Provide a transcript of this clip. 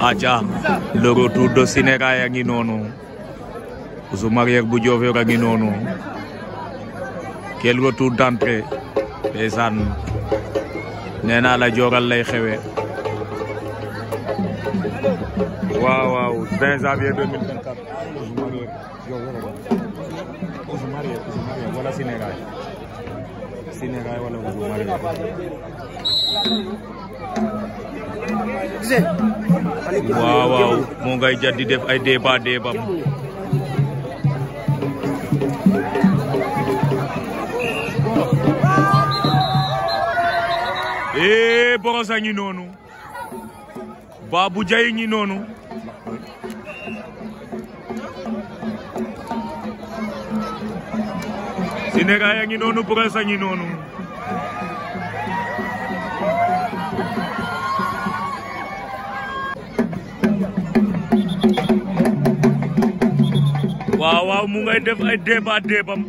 aca le retour de Sénégal a ngi noonu Ousou Marière bu Diofior a ngi noonu quel retour la Dioral lay xewe waaw waaw 20 janvier 2024 Ousou waaw waaw moo ngay jàdd di def ay débat débat ee eh, boros ngi noonu Babou Jaay ngi noonu Sénégal ngi noonu boros ngi noonu waaw waaw mu ngay def ay débat débam